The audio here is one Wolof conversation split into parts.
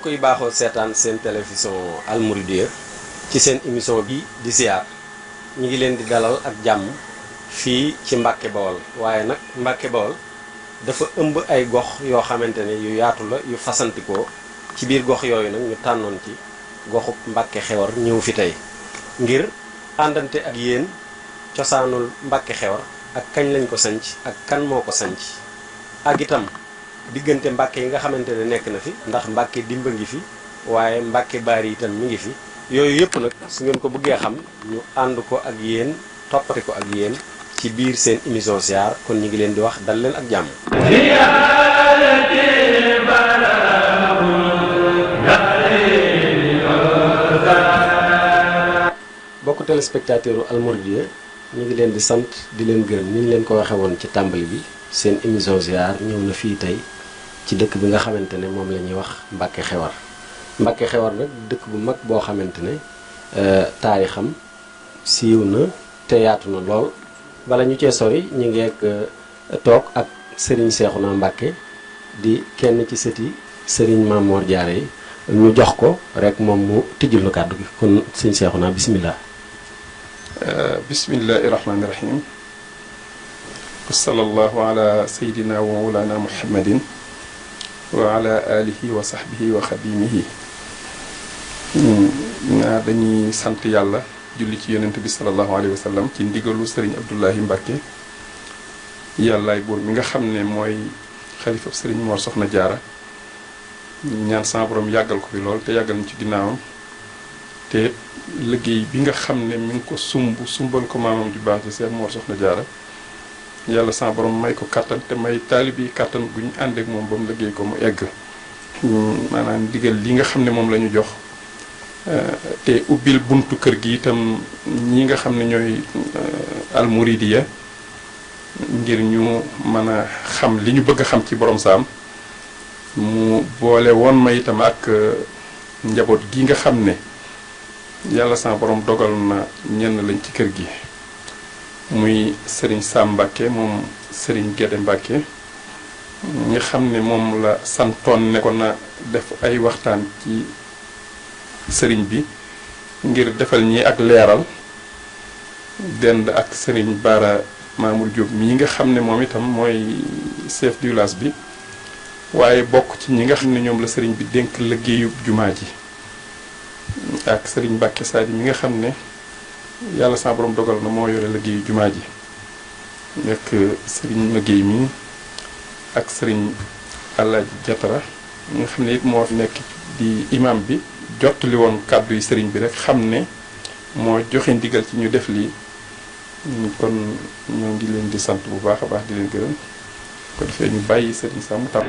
mbokk yu baaxoo seetaan seen télévision almouridiya ci seen émission bi di ziar ñu ngi leen di dalal ak jàmm fii ci Mbàkke Bawol waaye nag Mbàkke Bawol dafa ëmb ay gox yoo xamante ne yu yaatu la yu fasantikoo ci biir gox yooyu nag ñu tànnoon ci goxub Mbàkke Xewar ñëw fi tey ngir àndante ak yéen cosaanul Mbàkke Xewar ak kañ lañ ko sañc ak kan moo ko sanc ak itam diggante mbàkke yi nga xamante nek na fi ndax mbacké dimba ngi fi waaye mbacké bari yi itam mi ngi fi yoyu yëpp nak su ngeen ko bëggee xam ñu and ko ak yeen topati ko ak yeen ci biir seen émission ziar kon ñi ngi leen di wax dal leen ak jamm bokku téléspectateur u Al Mouridiyyah ñu ngi leen di sante di leen gërëm ñi ngi leen ko waxé won ci tàmbali bi seen émission ziar ñew na fi tay ci dëkk bi nga xamantene mom lañuy wax mbacké xéwar mbacké xéwar nak dëkk bu mag bo xamantene euh taarixam siiw na te yaatu na lool bala ñu ci sori ñi ngi ak euh, tok ak Serigne na mbacké di kenn ci sëti Serigne Mamour Diarra ñu jox ko rek mom mu tijjul na kaddu gi kon Serigne na bismillah euh, bismillahi rahmani rahim وصلى الله على سيدنا ومولانا محمد وعلى آله وصحبه وخدمه نا داني سانت يالا جولي سي يونتبي صلى الله عليه وسلم تي ديغلو سيرن عبد الله مبكي يالا بور ميغا خامني موي خليفه سيرن مور سخنا جارا نيان سان بروم ياغال كو في لول تي ياغال نتي غيناو تي ليغي بيغا خامني مينكو سومبو سومبال كو مامام جي باخ سي مور سخنا جارا yalla sa borom may ko katan te may talibi katan buñ ande ak mom bam liggey ko mu egg manam hmm, digel li nga xamne mom lañu jox eh, te ubil buntu kër gi itam ñi nga xamne ñoy eh, al muridiya ngir ñu mëna xam li ñu bëgg xam ci borom sam mu boole won ma itam ak eh, njabot gi nga xamne yalla sa borom dogal na ñen lañ ci kër gi muy sëriñ Sam Mbacké moom Serigne Guédé Mbacké nga xam ne moom la santoon ne ko na def ay waxtaan ci sëriñ bi ngir defal ñi ak leeral dend ak Serigne Bara Mamour Diop mii nga xam ne moom itam mooy chef du bi waaye bokk ci ñi nga xam ne ñoom la sëriñ bi dénk liggéeyub jumaa ji ak Serigne Mbacké Sadio mi nga xam ne yàlla saa borom dogal na moo yore liggéeyu jumaa ji nekk sëriñ Maguèye mi ak sëriñ Alaaji Jatara nga xam ne it moo nekk di imam bi jottali woon kàddu yi sëriñ bi rek xam ne moo joxe ndigal ci ñu def lii kon ñoo ngi leen di sant bu baax a baax di leen gërëm ko defee ñu bàyyi sëriñ Sàmm tàmm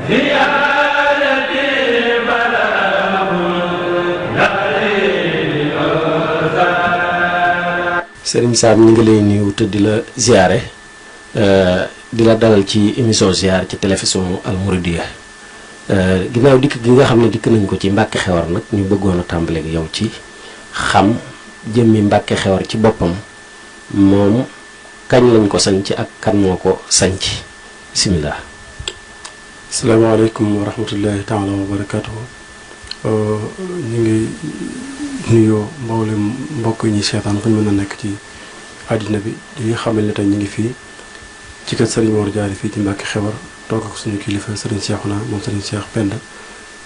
seen Sam ñu ngi lay nuyu te di la ziare euh, di la dalal ci émission ziar ci télévision Al Mouridiyyah euh, ginnaaw dikk gi nga xam ne dikk nañ ko ci Mbàkke Xewar nag ñu bëggoon a tàmbale yow ci xam jëmmi Mbàkke Xewar ci boppam moom kañ lañ ko sañc ak kan moo ko sanc bisimilah. asalaamaaleykum wa rahmatullahi taala wa euh, ñu ngi. nuyoo mboolem mbokk ñi seetaan fu ñu mën a nekk ci àddina bi di nga xamal ne tey ñu ngi fii ci kër Serigne Mor fii ci Mbacke Xewar toog ak suñu kilifa Serigne Cheikhouna moom Serigne Cheikh Penda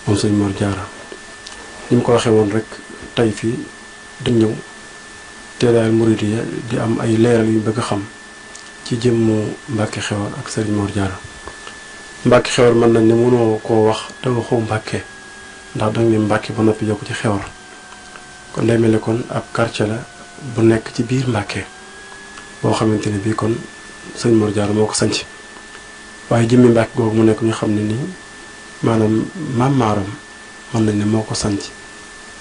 moom Serigne Mor jaara ni ko waxee woon rek tey fii dañ ñëw teelaayal Muridiyya di am ay leeral yu bëgg a xam ci jëmmu Mbacke Xewar ak Serigne Mor jaara Mbacke Xewar mën nañ ne mënoo koo wax te waxoo Mbacke ndax danga ne Mbacke ba noppi yokk ci Xewar. kon day mel ni kon ab quartier la bu nekk ci biir Mbàkke boo xamante ne bii kon sëñ Mor Diarra moo ko sanc waaye jëmmi Mbàkke googu mu nekk ñu xam ne nii maanaam maam maaram mën nañ ne moo ko sanc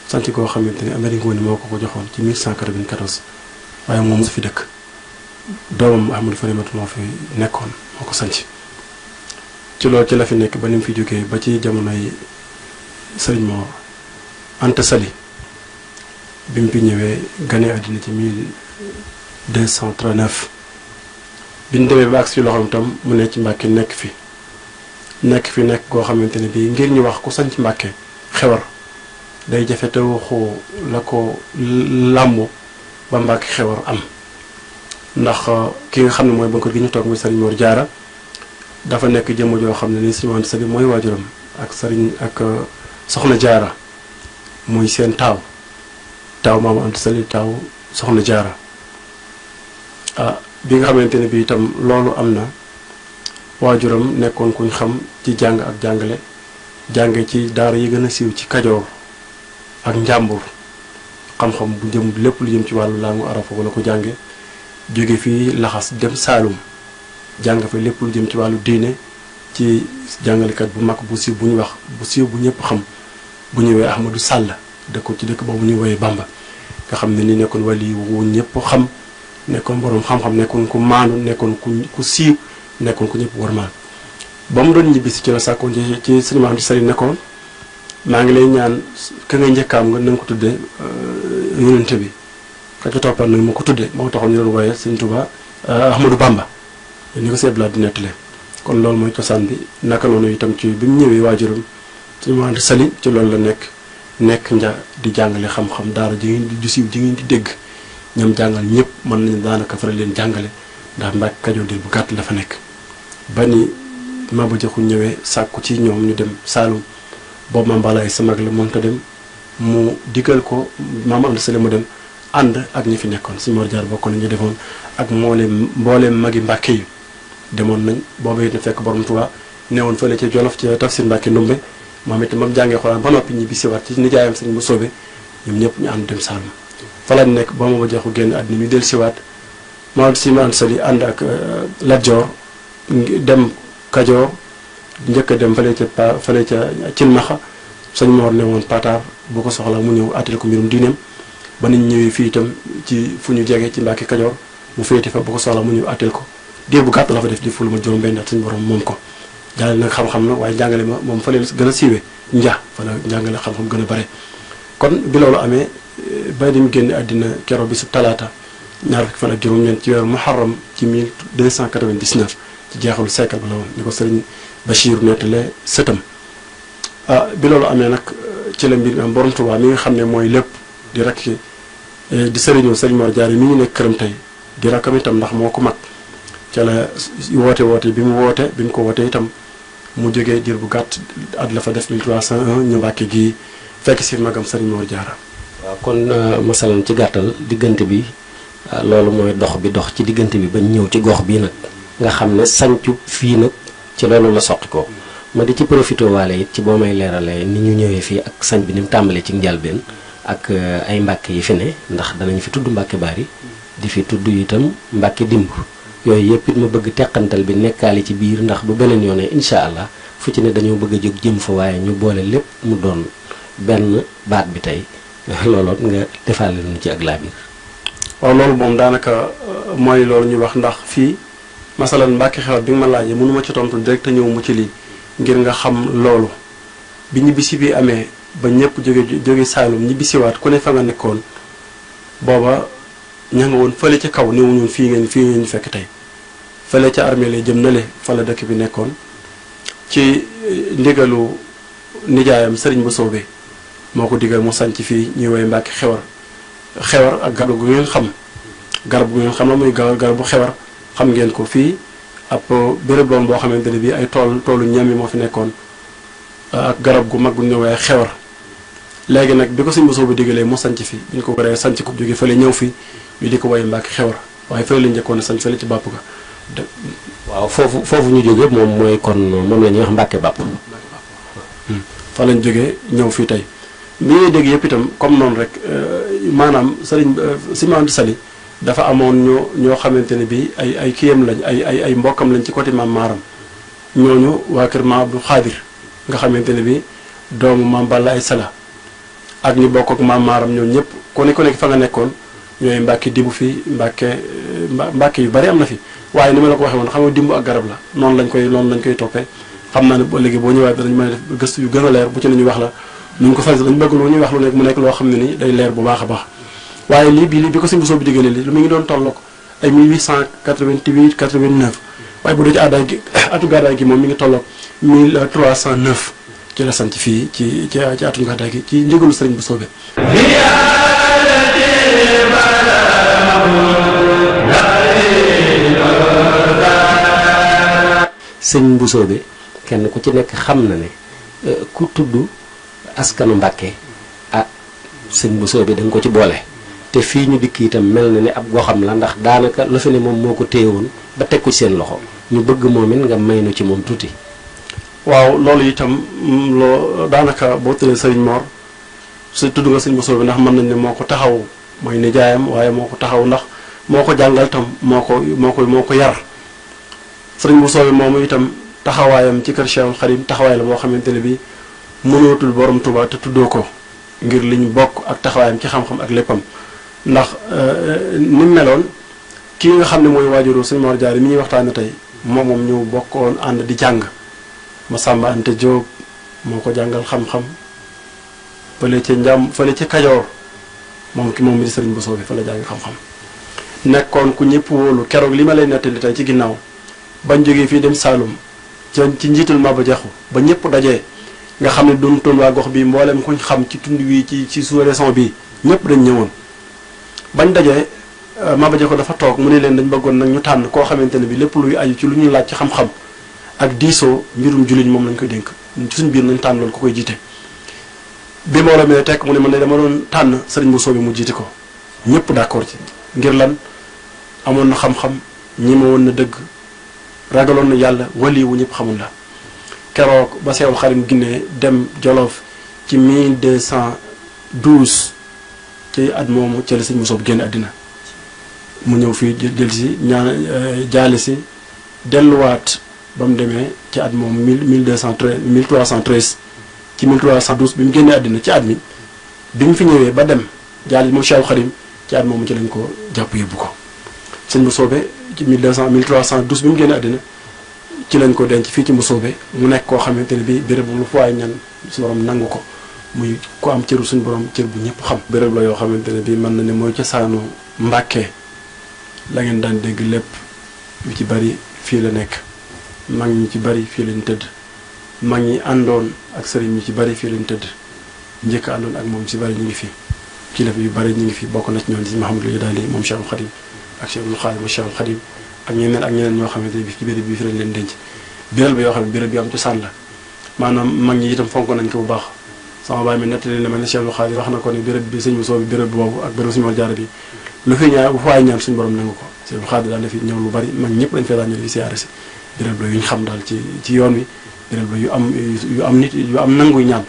sanc koo xamante ni Amérique woon moo ko ko joxoon ci cent 1194 waaye moom su fi dëkk doomam Ahmadou Farimatu moo fi nekkoon moo ko sanc ci loolu ci la fi nekk ba ni mu fi jógee ba ci jamonoy sëriñ Mor Anta Sali bi mu ñëwee gane àddina ci mille deux cent trente bi ñu demee ba ak si loxoom itam mu ne ci Mbàkke nekk fi nekk fi nekk koo xamante ne bii ngir ñu wax ku sañ ci Mbàkke xewar day jafe te waxu la ko làmb ba Mbàkke xewar am ndax euh, ki nga xam ne mooy banqkor gi ñu toog muy Sëriñ Mor Jaara dafa nekk jëmm joo xam ne ni Sëriñ Anta mooy waajuram ak Sëriñ ak euh, Soxna Jaara muy seen taaw taaw maam Anta Sali taaw soxna jaara ah bi nga xamante ne bi itam loolu am na waajuram nekkoon kuñ xam ci jàng ak jàngale jànge ci daara yi gën a siiw ci kajoor ak njàmbur xam-xam bu jëm lépp lu jëm ci wàllu langue arab foofu la ko jànge jóge fii laxas dem saalum jàng fa lépp lu jëm ci wàllu diine ci jàngalekat bu mag bu siiw bu ñu wax bu siiw bu ñépp xam bu ñëwee Ahmadou Sall dëkkoon ci dëkk boobu ñu woyee Bamba nga xam ne ni nekkoon wali wu ñëpp xam nekkoon borom xam-xam nekkoon ku maanu nekkoon ku ku siiw nekkoon ku ñëpp war maan ba mu doon ñibbisi ci la sàkkoon ci ci sëñ Mahamadu Sari maa ngi lay ñaan ka nga njëkkaam nga na nga ko tuddee euh, yonente bi ka ca toppal nag ma ko tuddee moo taxoon ñu doon wooyee sëñ Tuba euh, Ahmadou Bamba ni ko seeblaat di nettali kon loolu mooy cosaan bi naka noonu itam ci bi mu ñëwee waajuram sëñ Mahamadu Sali ci loolu la nekk nekk nja di jàngale xam-xam daara ji ngeen di siiw ji ngeen di dégg ñoom jàngal ñëpp mën nañu daanaka faral leen jàngale ndax Mbàkke Kajoor diir bu gàtt dafa nekk. ba ni Maba Jaxu ñëwee sàkku ci ñoom ñu dem Saalum boobu ma mbalaay sa mag la dem mu digal ko maam Amady Sall dem ànd ak ñi fi nekkoon si Mor Jaar bokk na defoon ak mbooleem mbooleem magi Mbàkke yi demoon nañ boobee it fekk borom Tuubaa newoon fële ca Jolof ca Tafsir Mbàkke Ndumbe moom itam ba mu jàngee xuraan ba noppi ñibbi si waat ci nijaayam sëñ mu soobe ñoom ñëpp ñu ànd dem Saalum fa lañ nekk ba ma joxu génn àddina ñu dellu si waat Maodo Sy ànd ak euh, Lat dem Kajoor njëkk a dem fële ca pa fële ca Cilmaxa sëñ Mor ne woon Pataar boo ko soxla mu ñëw àttali ko mbirum diineem ba nañ ñëwee fii itam ci fu ñu jege ci Mbàkke Kajoor mu féete fa bu ko soxla mu ñëw àttali ko diir bu gàtt la fa def di lu ma juróom-benn at suñu borom moom ko. jàngale nag xam-xam na waaye jàngale ma moom fa leen gën a siiwee nja fa jàngale xam-xam gën a kon bi loolu amee eh, bay dim génn àddina keroog bi su talaata ñaar fukki fan ak juróom-ñeent ci weeru muharram ci 1299 ci jeexalu siècle ba la woon ni ko sëriñ Bachir nettale sëtam ah bi loolu amee nag eh, ci la mbir mi am borom Tuubaa mi nga xam ne mooy lépp di rek eh, di sëriñu sëriñ Mor Jaara mi ñu nekk këram tey di rakkam itam ndax moo ko mag ca la woote woote bi mu woote bi mu ko wootee itam mu jógee diir bu gàtt ak at la fa cent 1301 ñu Mbàkke gi fekk si magam Serigne Mor Diarra. waaw kon euh, masalan ci gàttal diggante bi euh, loolu mooy dox bi dox ci diggante bi ba ñëw ci gox bii nag nga xam ne sancu fii nag ci loolu la soqi ko ma di ci profité waale it ci boo may leeralee ni ñu ñëwee fii ak sañ bi ni mu tàmbalee ci njalbeen ak euh, ay mbàkk yi fi ne ndax danañ fi tudd mbàkke baar yi di fi tudd itam mbàkke dimb yooyu yëpp it ma bëgg teqantal bi nekkaale ci biir ndax bu beneen yoone incha allah fu ci ne dañoo bëgg a jóg jëm fa waaye ñu boole lépp mu doon benn baat bi tey looloon nga defaale nu ci ak laa biir waaw loolu moom daanaka euh, mooy loolu ñu wax ndax fii masalan mbàkki xewat bi nga ma laajee mënuma ci tontu direct ñëw mu ci lii ngir nga xam loolu bi ñu bisi bi amee ba ñëpp jóge jóge Saalum ñi bisiwaat ku ne fa nga nekkoon booba ña nga woon fële ca kaw newuñu fii ngeen fii ngeen fekk tey fële ca armée lay jëm na le fa dëkk bi nekkoon ci eh, ndigalu nijaayam sëriñ bu soobee moo ko digal mu sanc fii ñuy woy Mbàkke xewar xewar ak garab gu ngeen xam garab gu ngeen xam la muy garabu xewar xam ngeen ko fii ab eh, bërëb loon boo xamante ne bii ay tool toolu ñam yi moo fi nekkoon ak garab gu mag gu ñu waaye xewar léegi nag bi ko sëñ Bousso bu digalee mu sanc fi bi ñu ko waree sanc ko jóge fële ñëw fi ñu di ko wayu Mbàkke xewar waaye fële la njëkkoon sanc fële ci bàpp ga waaw foofu foofu ñu jóge moom mooy kon moom la ñuy wax Mbàkke bàpp hmm. fa lañ jógee ñëw fii tey bi ñuy dégg yëpp itam comme noonu rek euh, maanaam sëriñ si maam sali dafa amoon ñoo ñoo xamante ne bi ay ay kiyam lañ ay ay ay mbokkam lañ ci côté maam maaram ñooñu waa kër maam Abdou Xaadir nga xamante ne bi doomu maam Balla ay sala ak ñu bokk ak maam maaram ñoom ñëpp ku ne ku nekk fa nga nekkoon ñooy mbàkki dimbu fi mbàkke mbàkke yu bari am na fi waaye ni ma la ko waxee woon xam nga dimbu ak garab la koy noonu lañ koy toppee xam naa ne bu boo ñëwaat danañ mën a def gëstu yu gën a wax la nuñ ko wax nekk mu nekk loo xam ne ni day leer bu baax a baax waaye lii bii lii bi ko sëñ Bousso bi digalee li lu mu ngi doon tolloog ay 1888 89 waaye bu dee ci aadaay gi atu gàddaay gi moom mi ngi tolloog 1309 ci la sanc fii ci ci ci atum gàddaay gi ci njëgalu sëriñ bu soobee sëñ bu soobee kenn ku ci nekk xam na ne euh, ku tudd askanu Mbàkke a sëñ bu soobee da ko ci boole te fii ñu dikk itam mel na ne ab xam la ndax daanaka la ne moom moo ko téye woon ba teg ko seen loxo ñu bëgg moom it nga may nu ci moom tuuti waaw loolu itam mm, loo daanaka boo tëddee sëriñ Mor su tudd nga sëriñ Moussa bi ndax mën nañ ni moo ko taxaw mooy nijaayam waaye moo ko taxaw ndax moo ko jàngal itam moo ko moo ko moo ko yar sëriñ Moussa bi moomu itam taxawaayam ci kër Cheikhul Khadim taxawaay la boo xamante ne bii mënootul borom Tuubaa te tuddoo ko ngir li ñu bokk ak taxawaayam ci xam-xam ak léppam ndax euh, euh, ni meloon kii nga xam ne mooy waajuru sëriñ Mor Jaara mi ñuy waxtaane tey moom moom ñu bokkoon ànd di jàng. ma Masamba Anta Diop moo ko jàngal xam-xam fële ca njàm fële ca Kajoor moom ki moom mi di Serigne Bousso bi fa la jàng xam-xam nekkoon ku ñëpp wóolu keroog li ma lay nettali tey ci ginnaaw bañ jógee fii dem Saalum jan ci njiital Maba Jaxu ba ñëpp dajee nga xam ne doon toon waa gox bi mboolem kuñ xam ci tund wi ci ci sous-région bi ñëpp dañ ñëwoon bañ dajee Maba Jaxu dafa toog mu ne leen dañ bëggoon nag ñu tànn koo xamante ne bi lépp luy aju ci lu ñu laaj ci xam ak diisoo mbirum jullit moom lañ koy dénk suñ biir nañ tànn loolu ku koy jiite bi mbooloo mi ne tekk mu ne man de dama doon tànn sëriñ bu soobee mu jiite ko ñëpp d'accord ci ngir lan amoon na xam-xam ñi ma woon na dëgg ragaloon na yàlla waliwu ñëpp xamul la keroog ba seew xarim Guinée dem Jolof ci 1212 ci at moomu ci la sëñ Moussa bu génn àddina mu ñëw fii jël si ñaan euh, jaale si delluwaat ba mu demee ci at moom mil mille deux cent treize mille trois cent treize ci mille trois cent douze bi mu génnee àddina ci at mi bi mu fi ñëwee ba dem jaal moom Cheikh Xadim ci at moomu ci lañ ko jàpp yóbbu ko sëñ bu soobee ci mille deux cent mille trois cent douze bi mu génnee ci lañ ko denc fii ci Mboussobé mu nekk koo xamante ne bii béréb lu fa waay ñan suñu borom nangu ko muy ku am cëru suñ borom cër bu ñëpp xam. béréb la yoo xamante ne bii mën na ne mooy cosaanu Mbàkke la ngeen daan dégg lépp yu ci bari fii la nekk. mag ñi ci bari fii lañ tëdd mag ñi àndoon ak sëriñ ñi ci bari fii lañ tëdd njëkk àndoon ak moom si bari ñu ngi fi kilifa yu bari ñu ngi fi bokk na ci ñoom si Mahamadou moom Cheikhul Khadim ak Cheikhul Khadim wa Cheikhul Khadim ak ñeneen ak ñeneen ñoo xamante bi ci béréb bi fi lañ leen denc béréb bi yoo ñi itam fonk nañ ko bu baax sama baay mi nettali na ma ne Cheikhul Khadim wax na ko ne béréb bi sëñ Bousso bi béréb boobu ak béréb suñu war bi lu fi ñaan bu faay ñaan suñu borom nangu ko Cheikhul Khadim daan na fi ñëw lu bari mag ñëpp dañ fee daan ñëw di siyaare si béréb la yu ñu xam daal ci ci yoon wi béréb la yu am yu am nit yu am nanguy ñaan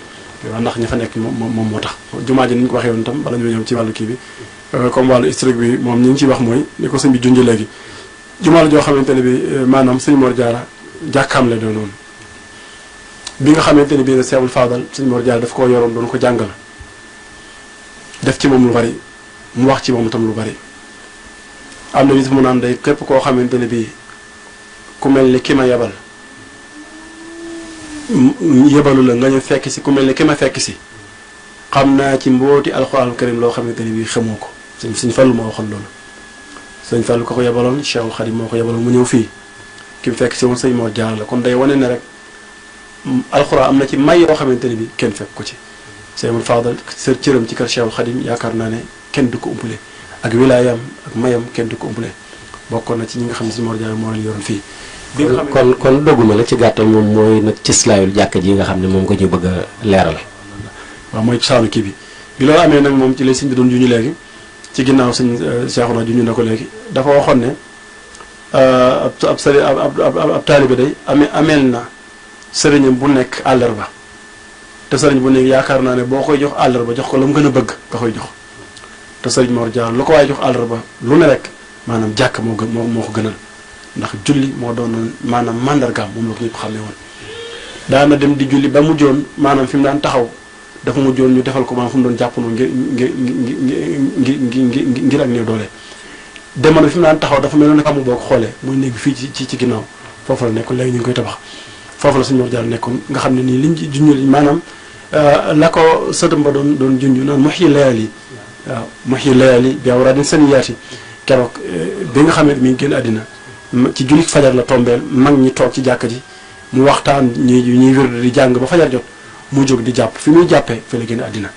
waaw ndax ña fa nekk moom moom moo tax jumaa ji ni ñu ko waxee woon itam bala ñu ñëw ci wàllu kii bi euh, comme wàllu historique bi moom ñi ngi ciy wax mooy ni ko sëñ bi junj léegi jumaa la joo xamante ne bi euh, maanaam sëñ Mor Diarra jàkkaam la doonoon bi nga xamante ne bii Seexul Faadal sëñ Mor Diarra daf koo yoroon doon ko jàngal def ci moom lu bari mu wax ci moom itam lu bari am na nit mu naan day képp koo xamante ne bii ku mel ni ki ma yebal yebalu la nga ñu fekk si ku mel ni ki ma fekk si xam naa ci mbooti alxuraan karim loo xamante ni bii xamoo ko sëñ sëñ Fallu moo waxoon loolu sëñ Fallu ko ko yebaloon Cheikhul Khadim moo ko yebaloon mu ñëw fii ki mu fekk si woon sëñ moo jaar la kon day wane ne rek alxuraan am na ci may yoo xamante ni bii kenn fekk ko ci sëñ Amadu Fadal sër cëram ci kër Cheikhul Khadim yaakaar naa ne kenn du ko umpale ak wilaayam ak mayam kenn du ko umpale bokkoon na ci ñi nga xam ne sëñ moo jaar moo leen yoroon fii kon kon dogguma la ci gàttal moom mooy nag cëslaayul jàkk ji nga xam ne moom nga ñu bëgg a leeral. waaw mooy saanu kii bi bi loolu amee nag moom ci la sëñ bi doon juñu léegi ci ginnaaw sëñ euh, Seexuna juñu na ko léegi dafa waxoon ne euh, ab ab sëriñ ab taalibe day ameel na sëriñam bu nekk àllarba te sëriñ bu nekk yaakaar naa ne boo koy jox àllarba jox ko la mu gën a bëgg nga koy jox te sëriñ moo Diarra lu ko waaye jox àllarba lu ne rek maanaam jàkk moo gën moo ko gënal. ndax julli moo doon maanaam mandargaam moom la ko ñëpp xamee woon daana dem di julli ba mujjoon maanaam fi mu daan taxaw dafa mujjoon ñu defal ko fu mu doon jàpp noonu ngir ngir ngir ngir ak doole demoon bi fi mu daan dafa mel noonu xamu boo xoolee muy néeg fii ci ci ginnaaw foofu la nekkoon léegi ñu ngi koy tabax foofu la suñu wax jàll nekkoon nga xam ne nii liñ junj maanaam euh, la ko sëtam doon doon junj naan mox yi layal yi waaw mox yi layal yi bi awraadin seen yaati keroog euh, bi nga xam mi ngi génn àddina ci jullit fajar la tombeel mag ñi toog ci jàkk ji mu waxtaan ñi ñuy wér di jàng ba fajar jot mu jóg di jàpp fi muy jàppee fi la génn àddina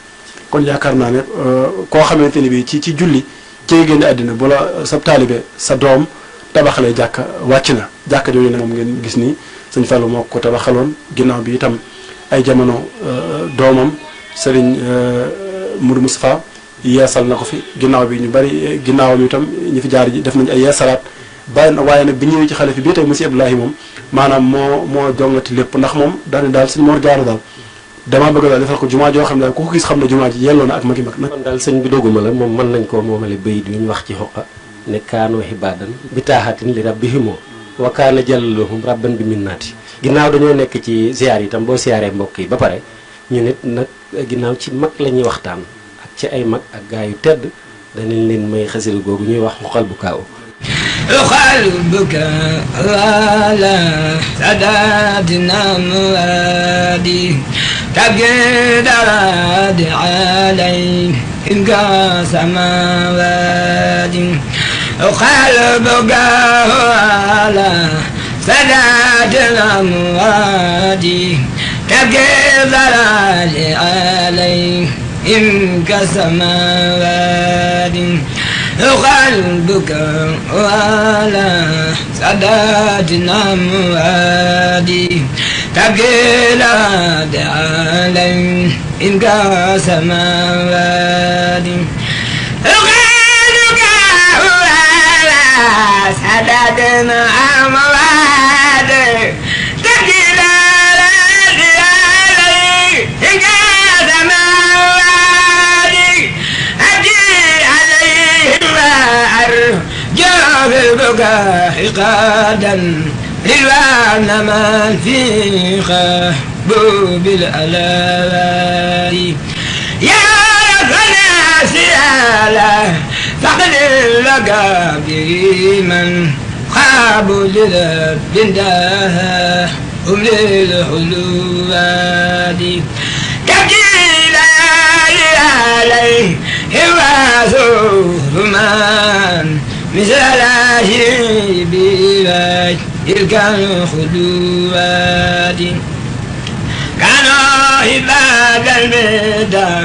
kon yaakaar naa ne euh, koo xamante ni bi ci ci julli cee génn àddina bu la sa taalibe sa doom tabaxalee jàkka wàcc na jàkka jooju nag moom ngeen gis nii sëñ Fallu moo ko tabaxaloon ginnaaw bi itam ay jamono euh, doomam sëriñ euh, Mourou Moustapha yeesal na ko fi ginnaaw bi ñu bari ginnaawam itam ñi fi jaar ji def nañ ay yeesalaat bàyyi na waaye nag bi ñëwee ci xalifa bi tey monsieur Abdoulaye moom maanaam moo moo jongati lépp ndax moom daane daal suñu mor jaara daal damaa bëgg daal defal ko jumaa joo xam ne daal ku ko xam ne jumaa ji yelloo na ak magi mag nag kon daal sëñ bi doguma la moom mën nañ koo moomale bayit yu ñu wax ci xoqa ne kaanoo xibaadan bi taaxatin li rabbihimoo wa kaana jàllalohum rabban bi minnaati ginnaaw dañoo nekk ci ziar itam boo ziaree mbokk yi ba pare ñu nit nag ginnaaw ci mag la ñuy waxtaan ak ci ay mag ak gaa yu tedd danañ leen may xasida googu ñuy wax xoqal bu kaaw قلبك على سداد مرادي تبقي راد عليك إنك سماوات قلبك هو على ساداتنا مرادي تبقي دراد عليك إنك سماوات قلبك ولا ساداتنا مرادي تقيلات علي إن قاسم مرادي قلبك ولا ساداتنا يبقى حقادا للوعن من في خبوب الألاوي يا الناس يا فقد لقى به من خاب جذب جندها هم للحلوات تبجيل عليه هواسه فمان مثل بيبات تلك الخدوات كانوا عباد البدع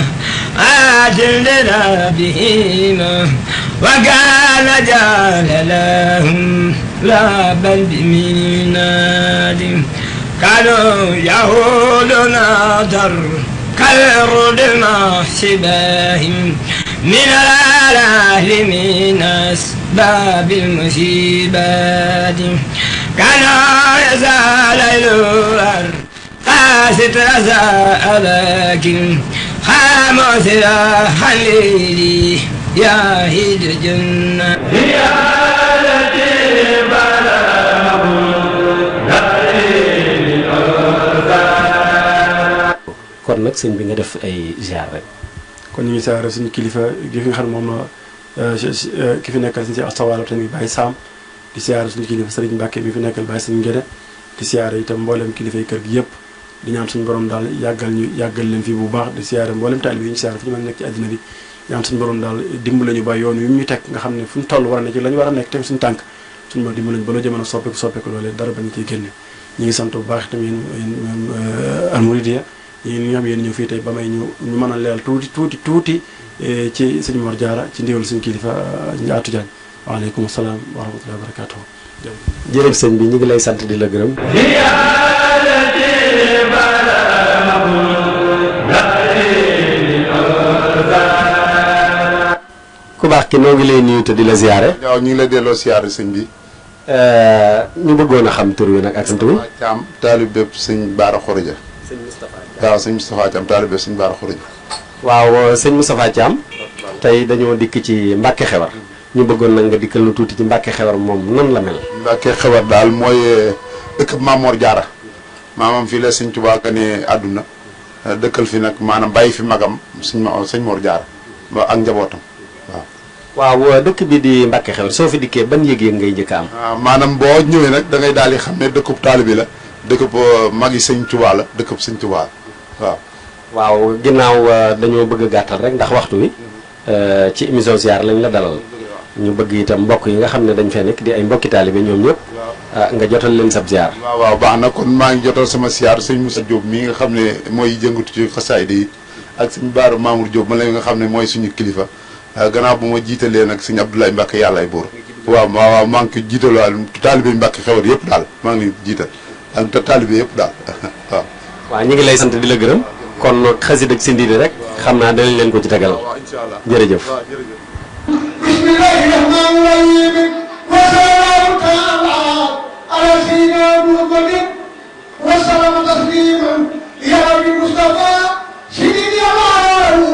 لنا بهما وكان جعل لهم رابا بمناد كانوا يهود ناظر كالرد محسباهم من الأهل من اسماء باب المصيبات كان يزال الأرض قاست رزاء لكن خامس يا حليلي يا هجر جنة kon nag sëñ bi nga def ay ziar rek kon ñu ngi ziar suñu kilifa gi nga xam moom Eh, eh, ki fi nekkal suñu si astawaalo tamit Baye Sam di siyaare suñu kilifa Serigne Mbacke bi fi nekkal Baye Serigne Ngede di siyaare itam mboolem kilifa yi kër gi yëpp di ñaan suñu borom daal yàggal ñu yàggal leen fii bu baax di siyaare mboolem taalibe yi ñu siyaare fu ñu mën nekk bi ñaan suñu borom daal dimbale ñu ba yoon wi ñu teg nga xam ne fu ñu toll war a nekk la ñu a nekk teg suñu tànk suñu borom dimbale ñu ba loo jëmën a soppeeku soppeeku loolee dara bañ ciy génne ñu ngi sant bu baax itam yéen yéen eh, almouridia yéen ñi nga xam yéen ñëw fii tey ba may ñu ñu mën a leeral tuuti tuuti tuuti Eh, ci sëñ Mor Diarra ci ndiwal suñ kilifa eh, Atou Diagne waaleykum salaam wa rahmatullahi wa barakaatuh. jërëjëf sëñ bi ñu ngi lay sant di la gërëm. ku baax ki noo ngi lay te di la ziyaare. waaw ñu ngi lay delloo ziyaare sëñ bi. Eh, ñu bëggoon xam tur wi nag ak sant wi. Caam taalib bépp sëñ Baara Xoroja. sëñ Moustapha Caam waaw sëñ Moustapha Caam taalib bépp Baara Xoroja. waaw euh, sëñ Moustapha am tey dañoo dikk ci Mbacke Xewar ñu bëggoon nag nga dikkal nu tuuti ci mbakke Xewar moom nan la mel. Mbacke Xewar daal mooy euh, dëkk Mamor Diarra maamam fii la sëñ Tuubaa gane àdduna euh, dëkkal fi nag maanaam bàyyi fi magam sëñ ma sëñ Mor ak njabootam waaw. dëkk bi di Mbacke Xewar soo fi dikkee ban yëg-yëg ngay njëkk am. Ah, maanam boo ñëwee nag dangay daal di xam ne dëkkub taalibe la dëkkub yi sëñ Tuubaa la dëkkub sëñ Tuubaa la waaw. waaw ginnaaw euh, dañoo bëgg gàttal rek ndax waxtu wi euh, ci émission ziar lañ la dalal ñu bëgg itam mbokk yi nga xam ne dañ fee nekk di ay mbokki taalibe ñoom ñëpp ah, nga jotal leen sab ziar waaw waaw baax na kon maa ngi jotal sama ziar sëñ Moussa Diop mii nga xam ne mooy jëngatu ci xasaayda yi ak sëñ Baara Mamour Diop ma la nga xam ne mooy suñu kilifa ah, gannaaw bu ma jiitalee nag sëñ Abdoulaye Mbacke yàllaay buur waaw ma waaw maa ngi ko jiital waal taalibe Mbacke xewal yëpp daal maa ngi jiital ak taalibe yëpp daal waaw waaw ñu ngi lay sant di la gërëm kon xasit ak si ndiidi rek xam naa danañ leen ko ci tegal jërëjëf bismillahi rahmani rahim wa salaamu taala ala sayyidina muhammadin wa salaamu tasliman ya abi mustafa sididi amaaru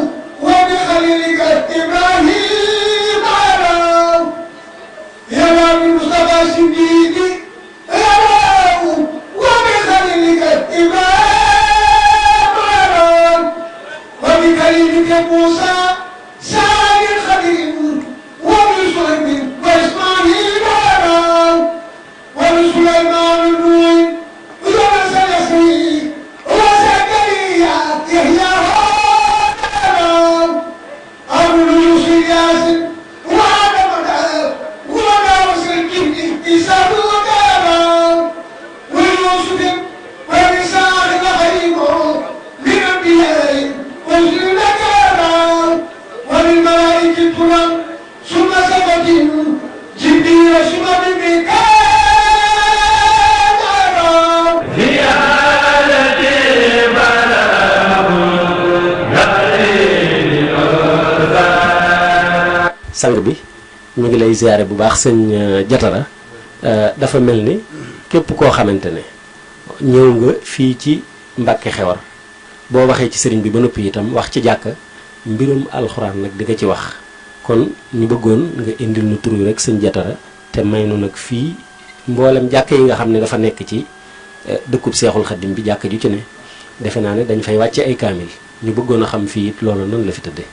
wa bi khalilika ibrahim ya abi mustafa sididi Musa. ziare bu baax sëñ euh, jatara euh, dafa mel ni képp koo xamante ne ñëw nga fii ci Mbàkke Xewar boo waxee ci sëriñ bi ba noppi itam wax ci jàkka mbirum alxuraan nag di nga ci wax kon ñu bëggoon nga indil nu tur yi rek sëñ jatara te may nu nag fii mboolem jàkk yi nga xam ne dafa nekk ci euh, dëkkub seexul xaddim bi jàkk ju ci ne defe naa ne dañ fay wàcce ay kaamil ñu bëggoon a xam fii it loolu nan la fi tëdde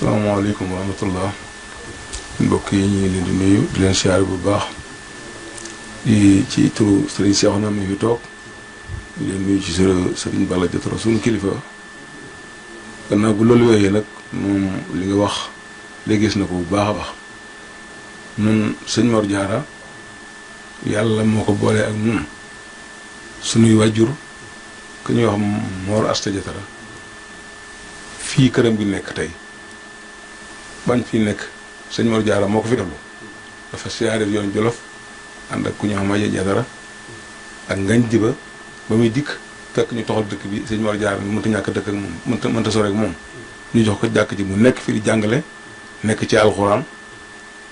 salaamaaleykum wa rahmatullah mbokk yi ñu ngi leen di nuyu di leen siyaar bu baax di ci turu sëriñ Seexuna mi toog leen nuyu ci sëriñ Balla Jotoro suñu kilifa gannaaw bu loolu wéyee nag moom li nga wax léegi gis na ko bu baax a baax nun sëñ Mor Diarra yàlla moo ko boole ak nun suñuy wàjjur ku ñuy wax Mor Asta Jotoro fii këram gi nekk tey bañ fi nekk sëñ Mor Diarra moo ko fi déglu dafa siyaareel yoon Jolof ànd ak ku ñu xamante ne dara ak ngañ diba ba muy dikk fekk ñu toxal dëkk bi sëñ Mor Diarra mënta ñàkk dëkk ak moom mënta mënta sore ak moom. ñu jox ko jàkk ji mu nekk fii di jàngale nekk ci alxuraan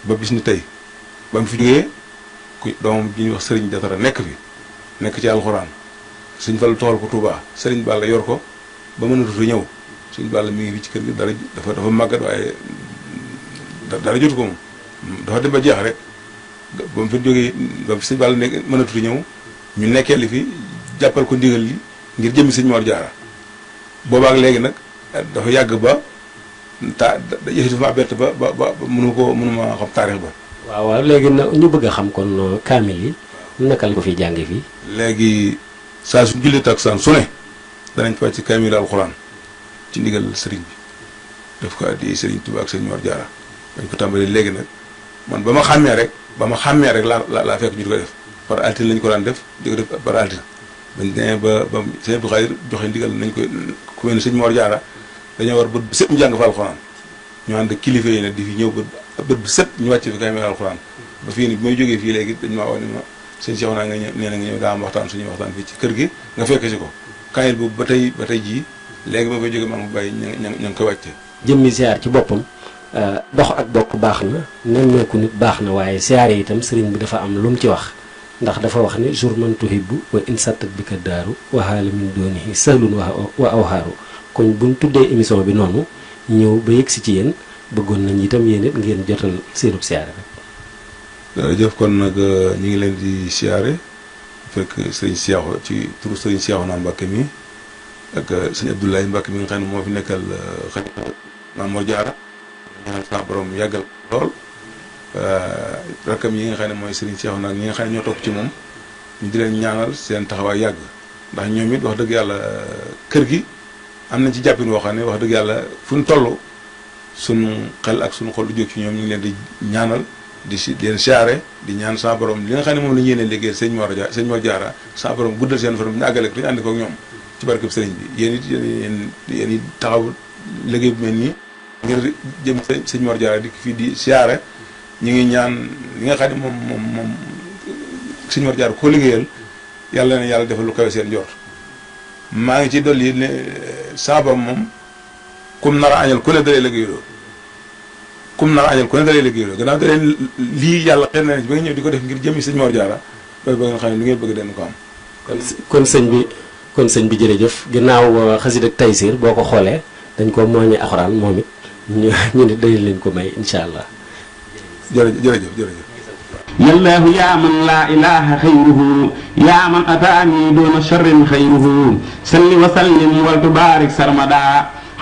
ba bis ni tey ba mu fi jógee ku doomam bi ñuy wax sëriñ Jatara nekk fi nekk ci alxuraan sëñ Fallu toxal ko tubaa sëriñ Balla yor ko ba mënatut a ñëw sëñ Balla mi ngi fi ci kër gi dara dafa dafa màggat waaye dara jotu ko moom dafa dem ba jeex rek ba mu fi jógee ba sëñ Balla nekk mënatu ñëw ñu nekkee li fi jàppal ko ndigal li ngir jëmmi sëñ Mor Jaara boobaak léegi nag dafa yàgg ba ta yëkkati ma abert ba ba ba mënu ko mënu ma xam taarix bëgg a xam kon euh, kaamil yi. naka la ko fi jànge fii. léegi saa su julli takkusaan su ne danañ fa ci kaamil alxuraan ci ndigal sëriñ bi daf ko addi sëriñ Tuubaa ak sëriñ Mor Jaara dañ ko tàmbali léegi nag man ba ma xàmmee rek ba ma xàmmee rek laa laa fekk ñu di ko def par altine lañ ko daan def di ko def par altine bañ demee ba ba sëñ Abdou Khadir joxe ko ku mel ni sëñ Mor Diarra war bët bu set mu jàng fa kilifa yi ne di fi ñëw bët bët bu set ñu wàcc fi kay mel alxuraan ba fii ni bi may jógee fii léegi dañ maa woo ne ma sëñ Cheikh naa nga ñëw nee ñëw daa am waxtaan suñuy waxtaan fii ci kër gi nga fekk si ko kaayil boobu ba tey ba tey jii léegi ba may jógee maa ngi bàyyi ña ngi koy wàcce jëmmi ziar ci boppam Euh, dox ak bokk baax na nemmeeku nit baax na waaye siyaare itam sëriñ bi dafa am lu ci wax ndax dafa wax ne jour man tuhibbu wa insattat bi ka daaru waxaala min doonihi sahlun wa awxaaru kon buñ tuddee émission bi noonu ñëw ba yëg si ci yéen bëggoon nañ itam yéen it ngeen jotal seenub siyaare kon nag euh, ñu ngi leen di siyaare fekk sëriñ Seexu ci turu sëriñ Seexu naa Mbàkke mi ak euh, sëriñ Abdoulaye Mbàkke mi nga xam ne moo fi nekkal xañ Maam Jaara ñaanal sa borom yàggal lool euh, rakam yi nga xam ne mooy Serigne Cheikh nag ñi nga xam ne ñoo topp ci moom ñu di leen ñaanal seen taxawaay yàgg ndax ñoom it wax dëgg yàlla euh, kër gi am nañ ci jàppin woo xam wax dëgg yàlla fu ñu toll xel ak sunu xol du jóg ci ñoom ñu leen di ñaanal di si di leen siyaare di ñaan sa borom li nga xam ne moom la ñu yéene liggéeyal sëñ Mor Dia sëñ Mor Diarra sa borom guddal seen fan bu ñu àggale ko li ñu ànd koog ñoom ci barkeb sëriñ bi yéen it yéen it taxaw liggéey bu ngir jëm sëñ Mor Diarra dikk fii di siyaare ñu ngi ñaan li nga xam Mor liggéeyal na defal lu seen jor maa ngi ci dolli ne kum nar añal ku ne kum nar añal ku ne dalee liggéeyaloo gannaaw dalee lii yàlla xëy na ba ñëw def ngir Mor ba nga lu ngeen bëgg den ko am. kon bi kon sëñ bi jërëjëf ginnaaw uh, xasida ak Taysiir boo ko xoolee dañ ko mooñee ñu ñu dañ leen ko may incha allah. jërëjëf jërëjëf يا من لا إله خيره يا من أتاني دون شر خيره سل وسلم وتبارك سرمدا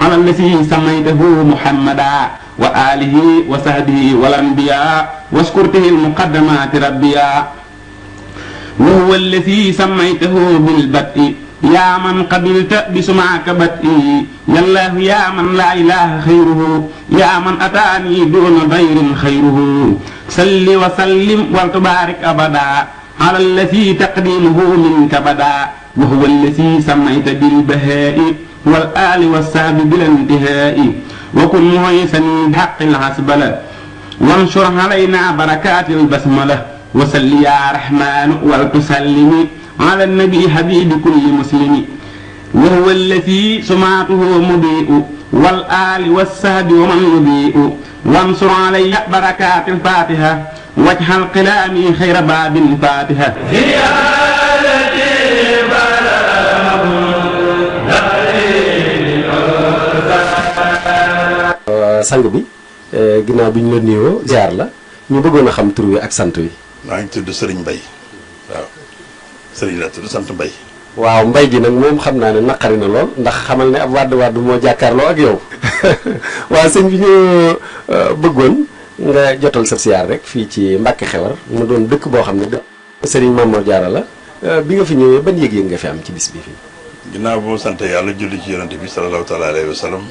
على الذي سميته محمدا وآله وصحبه والأنبياء واشكرته المقدمات ربيا وهو الذي سميته بالبدء يا من قبلت بسمع كبتي يا الله يا من لا إله خيره يا من أتاني دون غير خيره سل وسلم وتبارك أبدا على الذي تقديمه منك بدا وهو الذي سميت بالبهاء والآل والساب بلا انتهاء وكن مهيسا بحق العسبلة وانشر علينا بركات البسملة وسل يا رحمن ولتسلمي على النبي حبيب كل مسلم وهو الذي سمعته مضيء والآل والسهد ومن يضيء وانصر علي بركات الفاتحة واجعل قلامي خير باب الفاتحة هي التي sang bi eh, ginnaaw bi ñu la nuyoo ziar la ñu bëggoon a xam tur wi ak sant wi. maa ngi tudd Serigne Mbaye waaw. sëriñ la tudd sant mbay waaw mbay gi nag moom xam naa ne naqari na lool ndax xamal ne ab wàdd wàdd moo jàkkaarloo ak yow waaw sëñ bi ñu euh, bëggoon nga jotal sa siyaar rek fii ci Mbàkke Xewar mu doon dëkk boo xam ne dëkk sëriñ Mamoor Jaara la euh, bi nga fi ñëwee ban yëg-yëg nga fi am ci bis bi fii ginnaaw boo sant yàlla julli ci yonante bi sallallahu taala alayhi wa sallam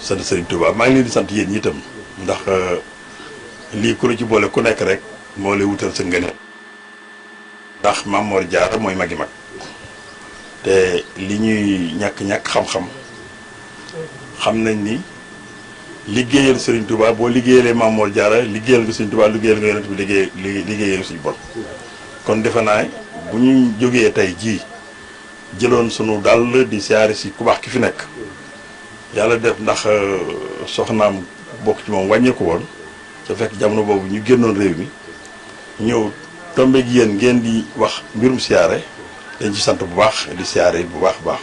sant sëriñ maa ngi leen di sant yéen ñi itam ndax euh, lii ku la ci boole ku nekk rek moo lay wutal sa ngëneel ndax Maam Mor Jaara mooy magi mag te li ñuy ñàkk-ñàkk xam-xam xam nañ ni liggéeyal Serigne Touba boo liggéeyalee Maam Mor Jaara liggéeyal nga Serigne Touba liggéeyal nga yonent bi liggéey liggéeyal suñu bon kon defe naa bu ñu jógee tey jii jëloon sunu dàll di siyaare si ku baax ki fi nekk yàlla def ndax euh, soxnaam bokk ci moom wàññeeku woon ca fekk jamono boobu ñu génnoon réew mi ñëw tombe gi yeen ngeen di wax mbirum siaré dañ ci sant bu baax di siaré bu baax baax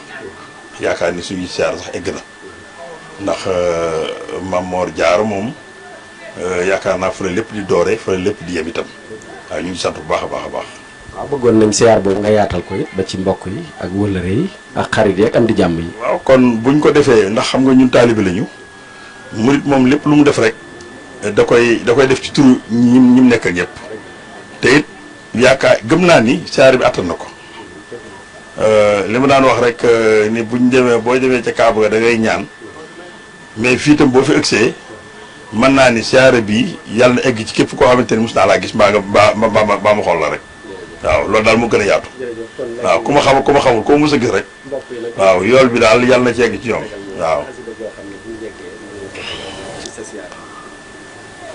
yaakaar ni suñu siyaare sax egg na ndax euh, Mamor Diar mom euh, yaakaar na fa lepp di doré fa lepp di yem itam waaw ñu ngi sant bu baax baax baax. wa bëggoon nañ siar boobu nga yaatal ko ba ci mbokk yi ak wëllëre yi ak xarit yi ak andi di jàmm yi. waaw kon buñ ko defee ndax xam nga ñun taalibe lañu murit moom lépp lu mu def rek da koy da koy def ci turu ñim ñim nekk ak yépp te it yaakaar gëm naa ni saar bi attan na ko euh, li ma daan wax rek euh, ni buñ demee boo demee ca Kaaba da ngay ñaan mais fii tam boo fi ëgsee mën naa ni siyaare bi yàlla na egg ci képp koo xamante ni mos naa laa gis mbaa nga mbaa mbaa ma xool la rek waaw loolu daal mu gën a yaatu waaw ku ma xam ku ma xamul koo mos a gis rek waaw yool bi daal yàlla na ci egg ci ñoom waaw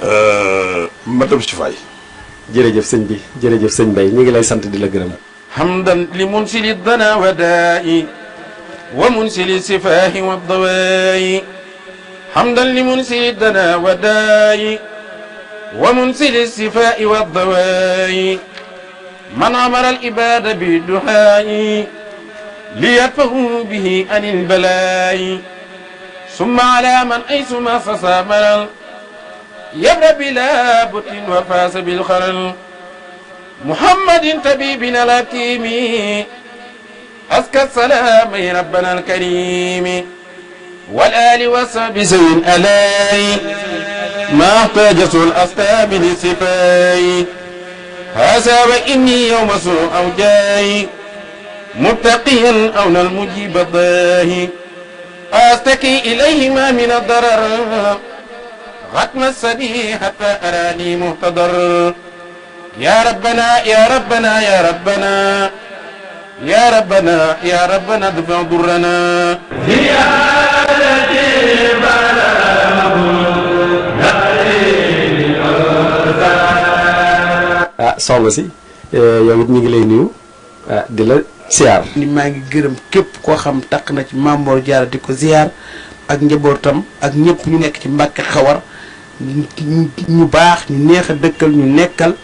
euh, matam si fay jërëjëf sëñ bi jërëjëf sëñ Mbaye ñu ngi lay sant di la gërëm hamdan li munsili dana wa daa'i wa munsili sifaahi wa dawaa'i hamdan li munsili dana wa daa'i wa munsili sifaahi wa dawaa'i man amara al ibada bi duhaa'i ليدفعوا به عن البلاء ثم على من أيسما فسامر يبرى بلا بط وفاز بالخلل محمد طبيبنا الحكيم أزكى السلام ربنا الكريم والآل وصحب زين ألاي ما احتاج الأصحاب لصفاي هذا وإني يوم سوء أو جاي متقيا أو المجيب الضاهي أستكي إليهما من الضرر رتم السبيل حتى أراني مهتدر يا ربنا يا ربنا يا ربنا يا ربنا يا ربنا ادفع ضرنا زيادتي ah soxna si eh, yow it ñu ngi lay nuyu ah, di la ziar. ni maa ngi gërëm képp koo xam taq na ci Mame Mor di ko ziar ak njabootam ak ñëpp ñu nekk ci Mbàkke xawar ñu baax ñu neex a dëkkal ñu nekkal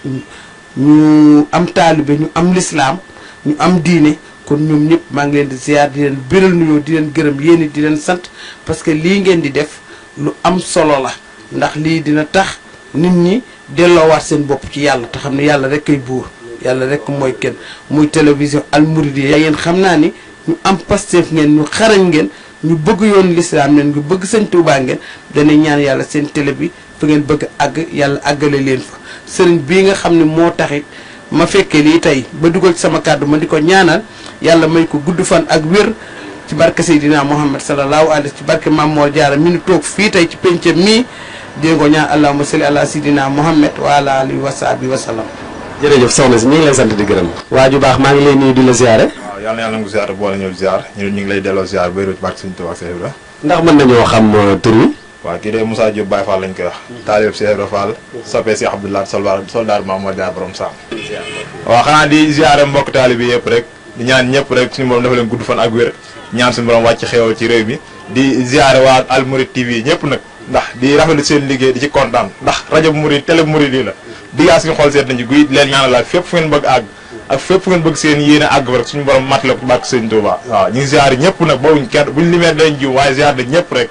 ñu am taalibe ñu am lislaam ñu am diine kon ñoom ñëpp maa ngi leen di ziar di leen biral nuyoo di leen gërëm yéen di leen sant parce que lii ngeen di def lu am solo la ndax lii dina tax nit ñi delloo waat seen bopp ci yàlla te xam ne yàlla rek kay buur yàlla rek mooy kenn muy télévision Al Mouridiyyah yéen xam naa ni ñu am Pastef ngeen ñu xarañ ngeen ñu bëgg yoon lislaam ngeen ñu bëgg sëñ Tuubaa ngeen dana ñaan yàlla seen télé fa ngeen bëgg ag yalla agale leen fa sëriñ bi nga xamni mo taxit ma fekke li tay ba duggal sama kaddu ma diko ñaanal yalla may ko gudd fan ak wër ci barke sayidina Muhammad sallallahu wasallam ci barke mam mo Jaara min tok fi tay ci péncam mi de ko ñaan allahumma salli ala sayidina Muhammad wa ala alihi wa sahbihi wa sallam jërëjëf soxna si ñu ngi lay sant di gërëm waju ju baax maa ngi lay nuyu di la ziaré yalla yalla ngi ziaré bo la ñu ziar ñu ngi lay delo ziar bay barke sayidina Tuubaa ndax mën nañu xam euh, turu waaw kii de Moussa Diop Baye Fall lañ koy wax. Mhm. taalib Cheikh Ibra Fall. Mhm. soppe si Abdoulaye soldaar soldaar maam moo jaar saam. waaw xanaa di ziare mbokk taalib yëpp rek di ñaan ñëpp rek suñu borom dafa leen gudd fan ak wér ñaan suñu ci réew mi di ziare waa Al ñëpp nag. ndax di rafetlu seen liggéey di ci kontaan ndax rajo bu Mouride télé bu la di xool seet nañu guy leen ñaanalaat fépp fu seen yéene suñu borom mat la ko bàkk sëñ ñu ngi ñëpp nag boobuñ kenn buñ limee dañ jiw waaye ziare dañ ñëpp rek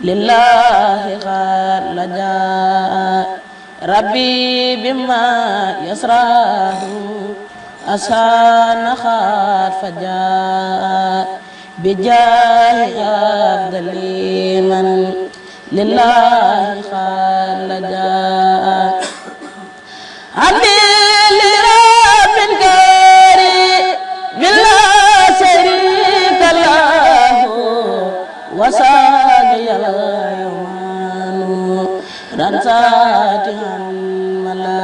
لله قد ربي بما يسراه أسان خار فجاء بجاه أفضل من لله قد an saatihan mala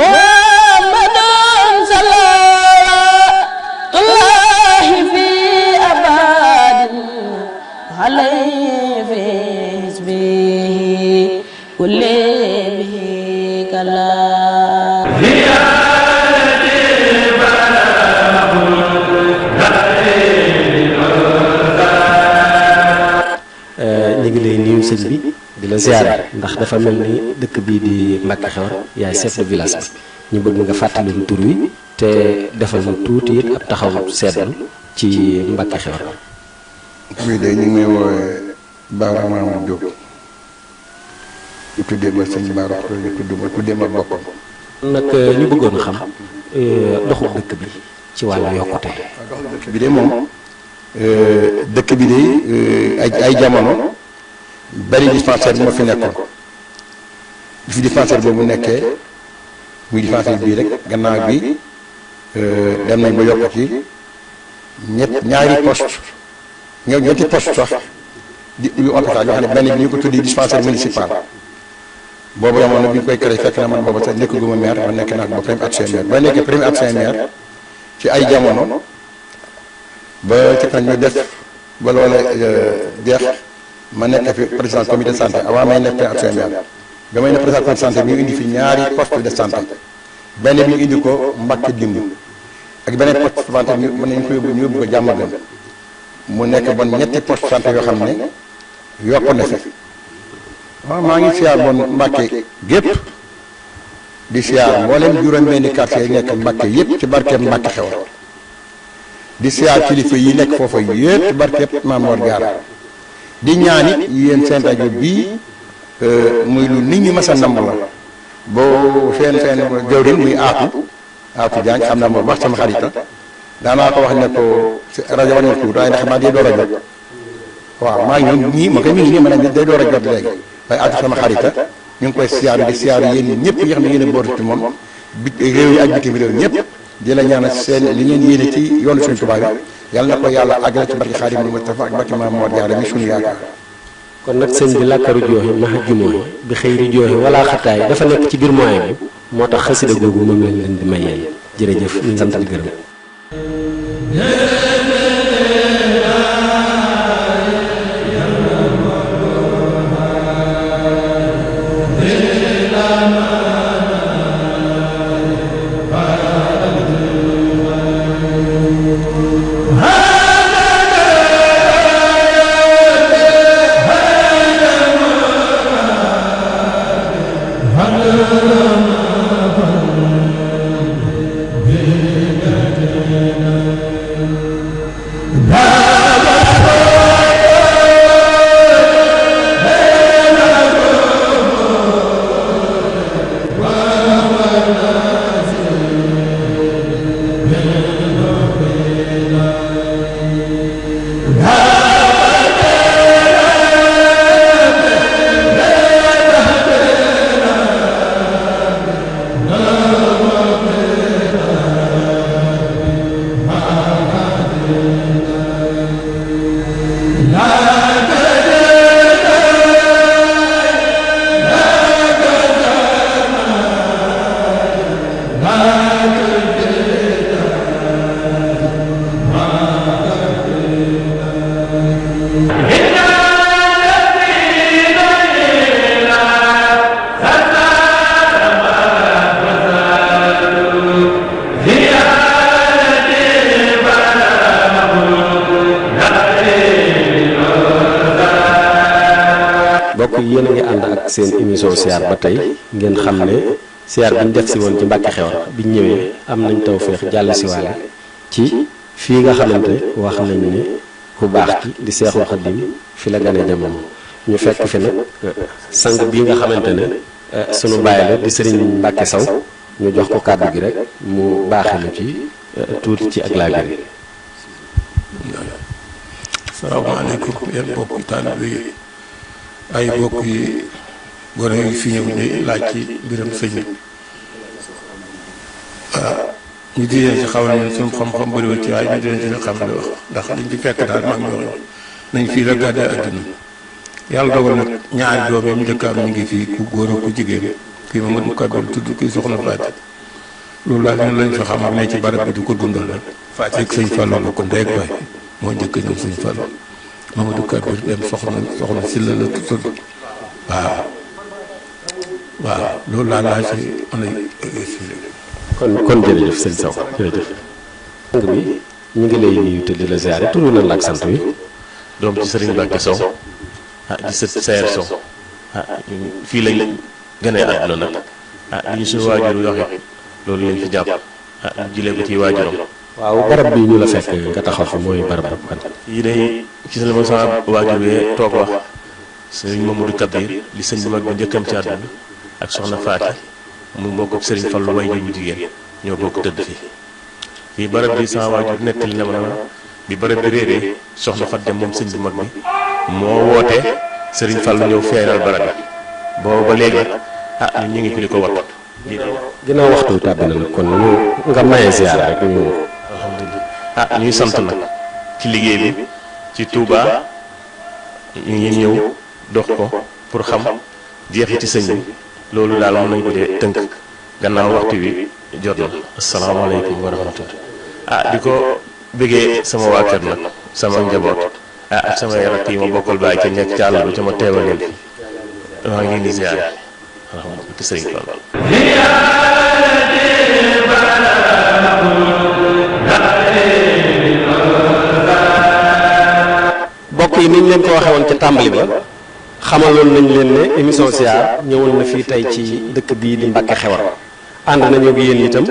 eh, sëñ bi la ndax dafa mel ni dëkk bii di Mbacke Xewar yaay chef de bi ñu bëgg nga fàttali tur wi te defal ñu tuuti it ab taxaw seetlu ci Mbacke Xewar. bii ñu ngi may woowee Baara Mamadou Diop ñu tuddee ma sëñ Baara ñu nag euh, ñu bëggoon xam euh, doxu dëkk bi ci wàll yokkute. doxu dëkk bi de moom euh, dëkk bi de ay ay jamono. bari dispensaire bi ma fi nekkoon bi fi dispensaire boobu nekkee muy dispensaire bii rek gannaaw bi euh, dem nañ ba yokk ci ñett ñaari poste ñetti poste sax di yu hôpital yoo xam ne benn bi ñu ko tuddi dispensaire municipal boobu yamoon na bi ñu koy créé fekk na man booba sax nekk guma maire man nekk naa ba premier adjoint maire ba nekkee premier adjoint maire ci ay jamono ba ci kan ñu def ba loola euh, jeex ma nekk fi président comité santé avant may nekk FMR ba may nekk président comité santé bi ñu indi fi ñaari poste de santé benn bi ñu indi ko Mbàkke dimb ak beneen poste de santé mën nañu ko yóbbu ñu yóbbu ko jàmmagal mu nekk bon ñetti poste de santé yoo xam ne yokk na fi waaw maa ngi siyaar bon Mbàkke gépp di siyaar mboolem juróom-benni quartier yi nekk Mbàkke yépp ci barkeem Mbàkke xewal di siyaar kilifa yi nekk foofa yépp ci barkeem Maam di ñaanit yéen seen rajo bii euh, euh, muy lu nit ñi mas a namm la boo seen seen jawrin muy aatu aatu jaañ xam naa moom wax sama xarita daanaa ko wax ne ko na tuut waaye ndax maa day door a jot waaw maa ngi ñoom ñii ma koy mi ngi nii ma ne day door a jot léegi waaye aatu sama xarita ñu koy siyaaru di siyaaru yéen ñëpp yi nga xam ne yéen a boor moom bi réew yi ak bitim réew ñëpp di la ñaanal seen li ngeen yéene ci yoonu Sëriñ Tuubaa bi yàlla na ko yàlla àggale ci barki Xaadimu Mustafa ak barki Maam Mor Jaara mi suñu yaakaar kon nag sëñ bi làkkaru jooxe maxa jumóoy bi xëy ri jooxe wala xataay dafa nekk ci biir bi moo tax xasida googu moom leen di may yéen jërëjëf ñu sant di gërëm yéen a ngi ànd ak seen émission ba tey ngeen xam ne siyaar bi ñu def si woon ci Mbàkke Xewar bi ñu ñëwee am nañ tawféex jàll si waale ci fii nga xamante wax nañu ni ku baax ki di Seexul Xadim fi la gane jamono ñu fekk fi nag euh, sang bii nga xamante ne euh, euh, sunu bàyyi la di sëriñ Mbàkke Saw ñu jox ko kàddu gi rek mu baaxee ñu ci tuuti ci ak laaj bi. gone yi fi ñëw ñu laaj ci mbiram sëñ bi waaw ah, ñu di leen ci xaw ne suñu xam-xam bëriwul ci waaye ñu di leen ci xam li wax ndax liñ ci fekk daal mag ñu wax nañ fii la gàddee àdduna yàlla dogal nag ñaari doomeem ngi fii ku góor ak ku jigéen kii ma mën kàddoon tudd kii soxna Faati loolu laa ñun lañ fa xam am ne ci barab bi di ko dundal la Faati ak sëñ Fallou la ko ndeeg baay moo njëkk ñëw sëñ Fallou Mamadou Kabir dem soxna soxna Silla la tudd waaw waaw loolu laa laa ci mën a. kon kon jërëjëf sëñ Sow jërëjëf. sang la ziare na sant wi. doom ci Serigne Mbacke Sow ah di sët Seer Sow ah, fii lañ gën a àdduna nag ah ñu suñu waajur waxee loolu lañ fi jàpp ah jëlee ko waajuram. waaw barab bi ñu la fekk nga taxaw fi mooy barab bu kan. yii day ci la ma sama waajur wee toog wax sëñ Mamadou Kabir li sëñ bi mag bi njëkkam ci àdduna. ak soxna fati mu bokk ak serigne fallu way ju jigéen ñoo bokk dëdd fi fii barab bi sa wajur nettali na ma bi barab bi réeree soxna fat dem moom sëñ bu mag bi mo woote serigne fallu ñëw féral barab bo ba légui ah ñu ngi fi di wat ginnaaw waxtu tàbbi na kon ñu nga maye ziar rek ñu alhamdullilah ah ñuy sant nak ci liggéey bi ci Touba ñu ñew dox ko pour xam jeexati señ bi loolu daal moom lañ ko dee tënk gannaaw waxtu wi jot na asalaamaaleykum wa rahmatullah ah di ko bëggee sama waa kër nag sama njaboot ah ak sama yarak yi ma bokkal bàyyi ca nekk ca àll ba ca ma teewal leen fi di ziar bokk yi niñ leen ko waxee ca tàmbali ba xamaloon nañ leen ne émission ziar ñëwoon na fii tey ci dëkk bii di Mbàkke Xewar ànd nañu ak yéen itam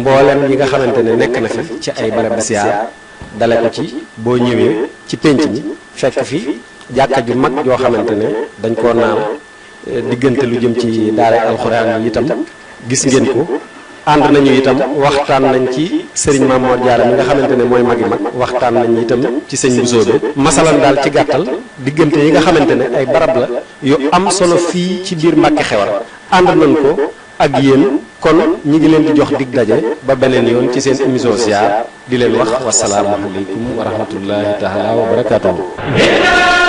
mboolem yi nga xamante ne nekk na fi ci ay barab ziar dale ko ci boo ñëwee ci pénc mi fekk fi jàkka ju mag joo xamante ne dañ koo naan eh, diggante lu jëm ci daara alxuraan yi itam gis ngeen ko and nañu itam waxtaan nañ ci serigne Mamour Diarra mi nga xamantene moy magi mag waxtaan nañ itam ci serigne Bousobe masalan dal ci gattal diggante yi nga xamantene ay barab la yu am solo fi ci bir makki xewal and nañ ko ak yeen kon ñi ngi leen di jox dig dajé ba benen yoon ci seen émission ziar di leen wax alaykum wa rahmatullahi taala wa barakatuh